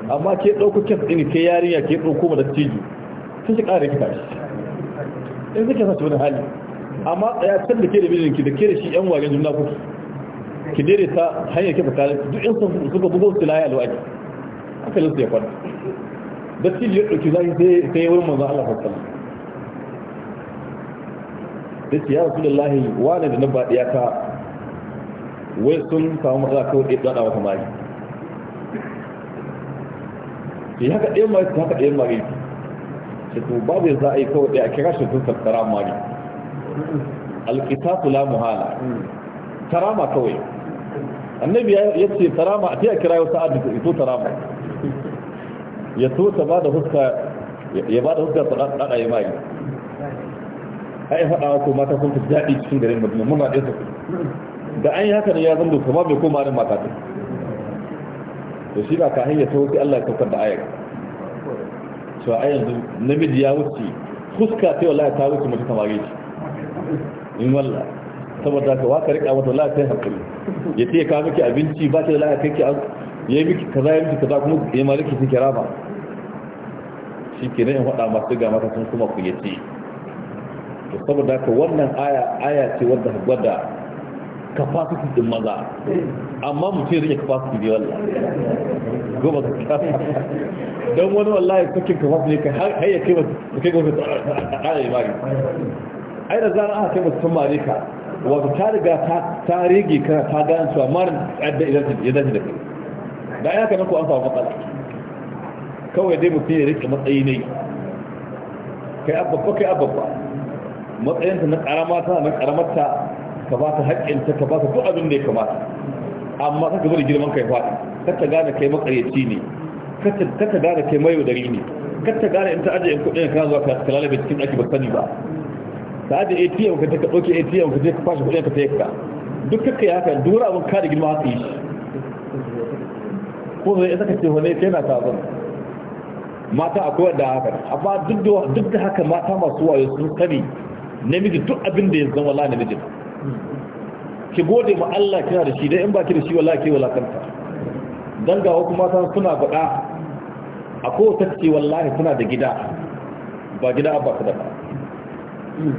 amma ke ɗauko kes ɗini ke yarinya ke ɗauko ma da tiji sun shi ƙara kita shi in suke sa wani hali amma ya can da ke da mijinki da ke da shi yan wagen juna kuki ki dare ta hanyar ke fata duk yan sun suka bugo su laye alwaji aka su ya kwana da tiji ya ɗauki zaki sai ya wurin manzan Allah fassala da ce ya rasu da lahi wane da na baɗiya ta wai sun samu matsala kawai ɗaya ɗaɗa wata mari sai haka ɗayan mari sai haka ɗayan mari sai to babu yanzu a yi kawai ɗaya a kira shi sun tattara mari alƙisasu la muhala tarama kawai annabi ya ce tarama a tiya kira yau sa'ad da ito tarama ya so ta ba da huska ya ba da huska tsada ya mari a yi faɗa ko mata sun fi daɗi cikin garin madina muna ɗaya su da an yi haka ne ya zan doka ba bai koma da mata ta to shi ba ka hanyar ta wuce Allah ya saukar da ayar to a yanzu namiji ya wuce fuska ta wallahi ta wuce mace samari ce in walla saboda ka waka rika wata wallahi sai hakuri ya ce ka miki abinci ba ta wallahi kai ki ya yi miki kaza ya miki kaza kuma ya maliki su kira ba shi ke nan faɗa masu ga mata sun kuma ku yace to saboda ka wannan aya aya ce wadda gwada capacity din maza amma mu ce rike capacity ne wallah goma su don wani wallahi sakin capacity ne kai har ya kai wasu kai wasu tsara imani ai da zara aka kai wasu sun mare ka wato ta riga ta rege kana ta gane cewa marin adda ya dace da kai da ya kamar ku an samu matsala kawai dai mutum ya rike matsayi ne kai abba ko kai abba matsayinta na karamata na karamarta ka ba ta haƙƙinta ka ba ta duk abin da ya kamata amma kaka bari girman kai fata kata gane kai makaryaci ne kata gane kai mayo dari ne kata gane in ta aje in kuɗin ka zuwa ka lalabe cikin ɗaki ba sani ba ta aje atm ka ta ɗauke atm ka je ka fashe kuɗin ka ta yakka duk kakka ya haka dura abin ka da girma haka yi ko zai isa ka ce wane sai na sabon mata akwai da haka amma duk da haka mata masu wayo sun sani namiji duk abin da ya zama la namijin ki gode ma Allah kina da shi dai in baki da shi wallahi ke kanta dan ga wasu mata suna bada a ko ta ce wallahi suna da gida ba gida ba ka da ba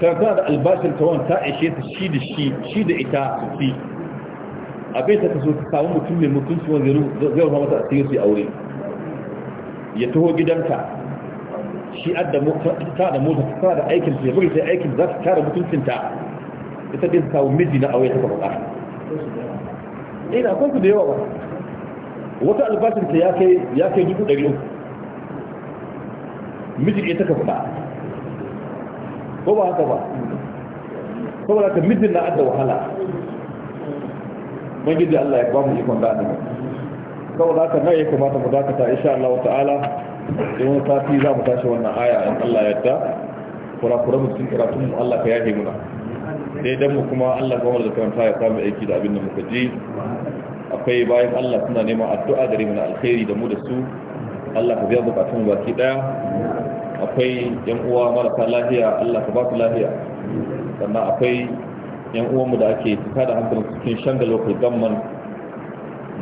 ta ta da albashin ta ta ishe ta shi da shi shi da ita su fi abin ta kaso ta samu mutum mai mutunci wanda zai rufa mata a cikin su aure ya taho gidanta shi adda mota ta da mota ta da aikin ta ya buga sai aikin za ta kare mutuncinta ita ɗin kawo miji na aure ta ka bukata ina akwai su da yawa ba wata albashin ta ya kai dubu ɗari uku miji ɗaya ta ka bukata ko ba haka ba Ko saboda ka mijin na adda wahala mun gidi Allah ya ba mu ikon da annabi saboda haka nan ya kamata mu dakata insha Allah ta'ala in wani sati za mu tashi wannan aya in Allah ya yarda kura kura mu cikin karatun mu Allah ka yahe muna daidan mu kuma Allah ga wanda ta ya samu aiki da abin da muka ji akwai bayan Allah suna neman addu'a gare mu na alkhairi da mu da su Allah ka biya bukatun baki daya akwai yan uwa marasa lafiya Allah ka ba su lafiya sannan akwai yan uwanmu da ake tuka da hankalin cikin shanga local government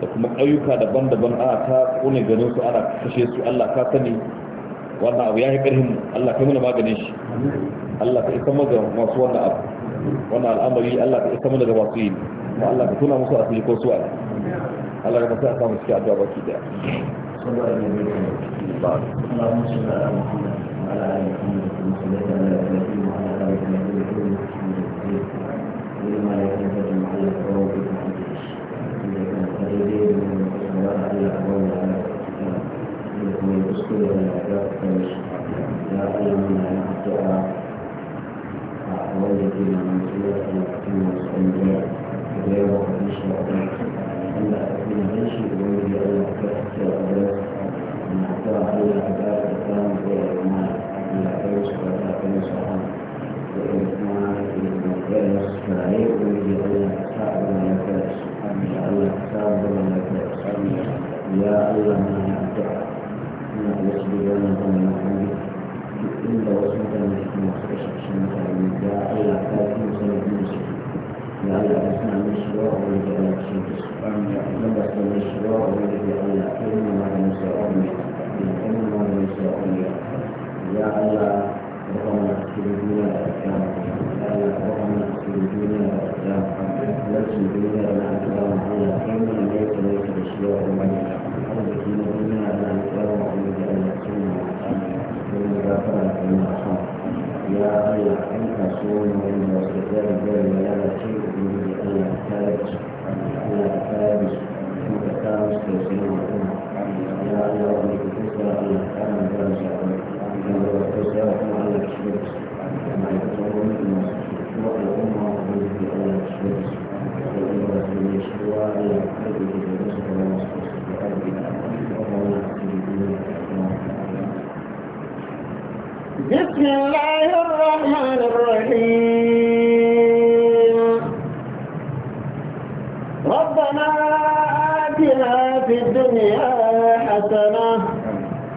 da kuma ƙauyuka daban-daban ana ta kone ganin su ana kashe su Allah ka sani wannan abu ya yi ƙarfin Allah ka muna maganin shi Allah ka isa maga masu wannan abu wannan al'amari Allah ka isa mana da masu yi kuma Allah ka tuna musu قال ko suwa Allah ka sa samu cikin addu'a baki da اللهم صل على محمد وعلى ال محمد وعلى ال وعلى ويجب أن يصير في المسلمين غير إن شاء الله أن أكون منشي ويجب أن أكون أدرس أن أكون على أداء الإسلام وإيمان أن أكون سبحانه أكون سبحانه وإيمان وإيمان فعليه ويجب أن أكون ولا أدرس أن الله أكون ولا أدرس يا الله ما أدعى أن أسجد لنا ومن أحمدك lokacin da wasu mutane masu kashe mutane ya Allah ta fi sanadin da suke ya Allah ta suna mai shiga a wani da Allah ce su idan ba su mai shiga a wani da Allah ta yi a wani ta yi a wani cikin duniya da ya Allah ta kama cikin da ya Allah cikin duniya da ta kama ya Allah ta kama cikin ya Allah cikin duniya da ta kama ya Allah ta kama cikin duniya da ta kama ya Allah ta kama cikin duniya da ta kama ya Allah ta kama cikin duniya da ta kama ya Allah ta kama cikin duniya da ta kama gafara da yin masu ya Allah an kasuwa ne wani da su da zai ya lalace da da yi su Allah ta yi su kuma ta kawo su da su yin mutum ya Allah wani da kusa Allah ta yi da su a wani da da kusa ya kuma Allah shi da su da ma'aikatan masu wani da Allah shi da su da yin masu ne shi wa Allah ta yi da su da da su da da su da da su بسم الله الرحمن الرحيم ربنا آتنا في الدنيا حسنة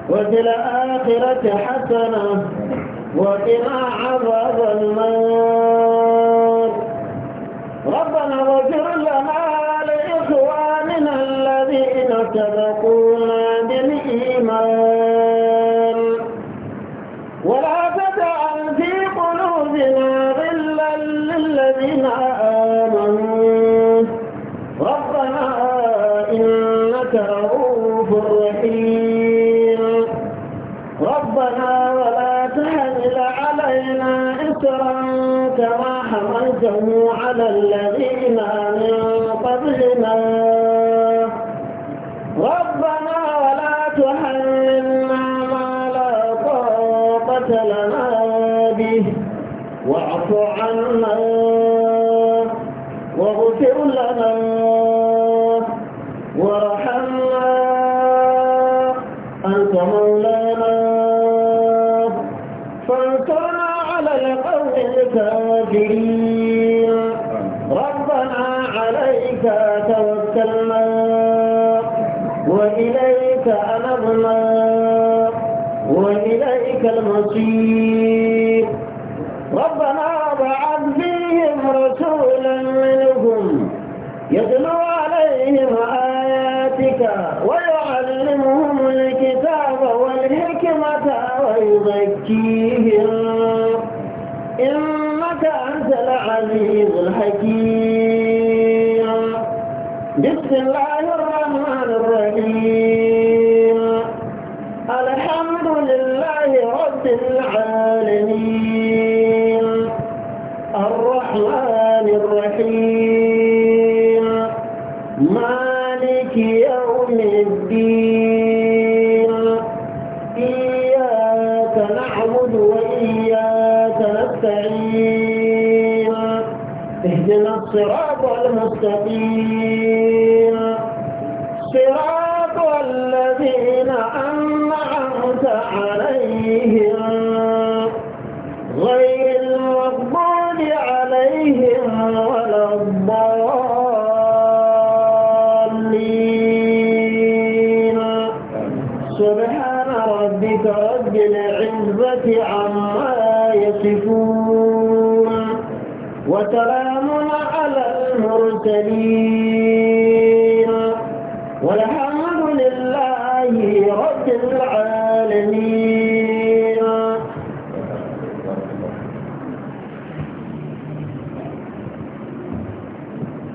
وفي الآخرة حسنة وقنا عذاب النار ربنا واغفر لنا لإخواننا الذين سبقونا بالإيمان لنا واغفر لنا وارحمنا أنت مولانا فانصرنا على القوم الكافرين ربنا عليك توكلنا وإليك أنبنا وإليك المصير ربنا يتلو عليهم آياتك ويعلمهم الكتاب والحكمة ويزكيهم إنك أنت العزيز الحكيم بسم الله الرحمن الرحيم المستقيم صراط الذين أنعمت عليهم المرسلين